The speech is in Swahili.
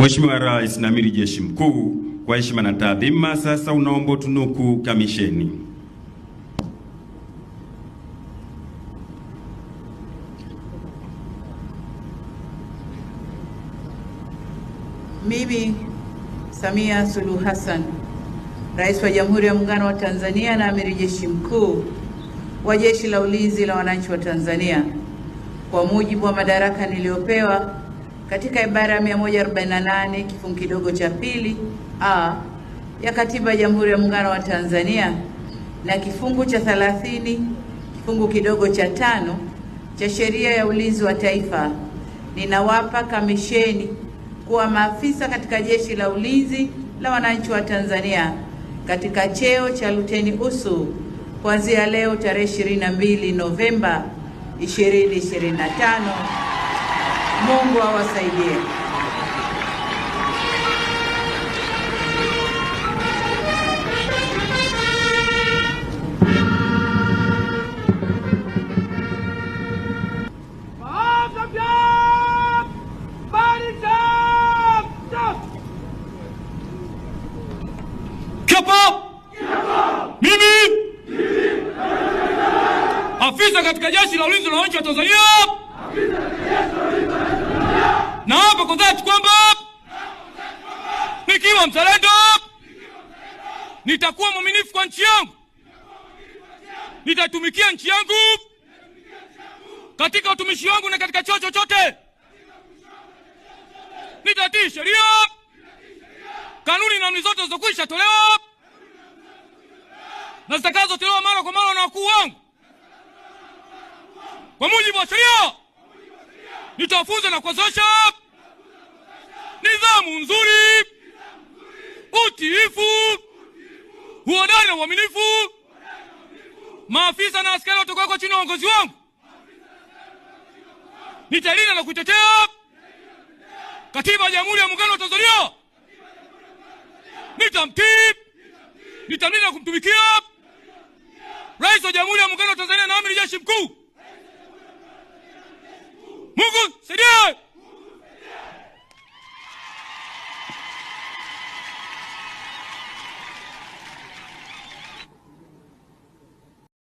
Mheshimiwa Rais na Amiri Jeshi Mkuu, kwa heshima na taadhima, sasa unaomba utunuku kamisheni. Mimi Samia Suluhu Hassan, Rais wa Jamhuri ya Muungano wa Tanzania na Amiri Jeshi Mkuu wa Jeshi la Ulinzi la Wananchi wa Tanzania, kwa mujibu wa madaraka niliyopewa katika ibara ya 148 kifungu kidogo cha pili a ya Katiba ya Jamhuri ya Muungano wa Tanzania na kifungu cha 30 kifungu kidogo cha tano cha Sheria ya Ulinzi wa Taifa, ninawapa kamisheni kuwa maafisa katika Jeshi la Ulinzi la Wananchi wa Tanzania katika cheo cha luteni usu kuanzia leo tarehe 22 Novemba 2025. Mungu awasaidie. afisa katika jeshi la ulinzi la wananchi wa Tanzania, afisa katika jeshi la ulinzi Naapa kwa dhati kwamba nikiwa mzalendo nitakuwa mwaminifu kwa nchi yangu, nitatumikia nchi yangu katika utumishi wangu na katika choo chochote, nitatii sheria, kanuni na amri zote zilizokwisha tolewa na zitakazotolewa mara kwa mara na wakuu wangu kwa mujibu wa sheria, nitawafunza na kuwazosha nidhamu nzuri, utiifu, uhodari na uaminifu. Maafisa na askari watakaokuwa chini ya uongozi wangu nitalinda na kuitetea katiba ya Jamhuri ya Muungano wa Tanzania, nitamtii, nitamlinda na kumtumikia Rais wa Jamhuri ya Muungano wa Tanzania na Amiri Jeshi Mkuu.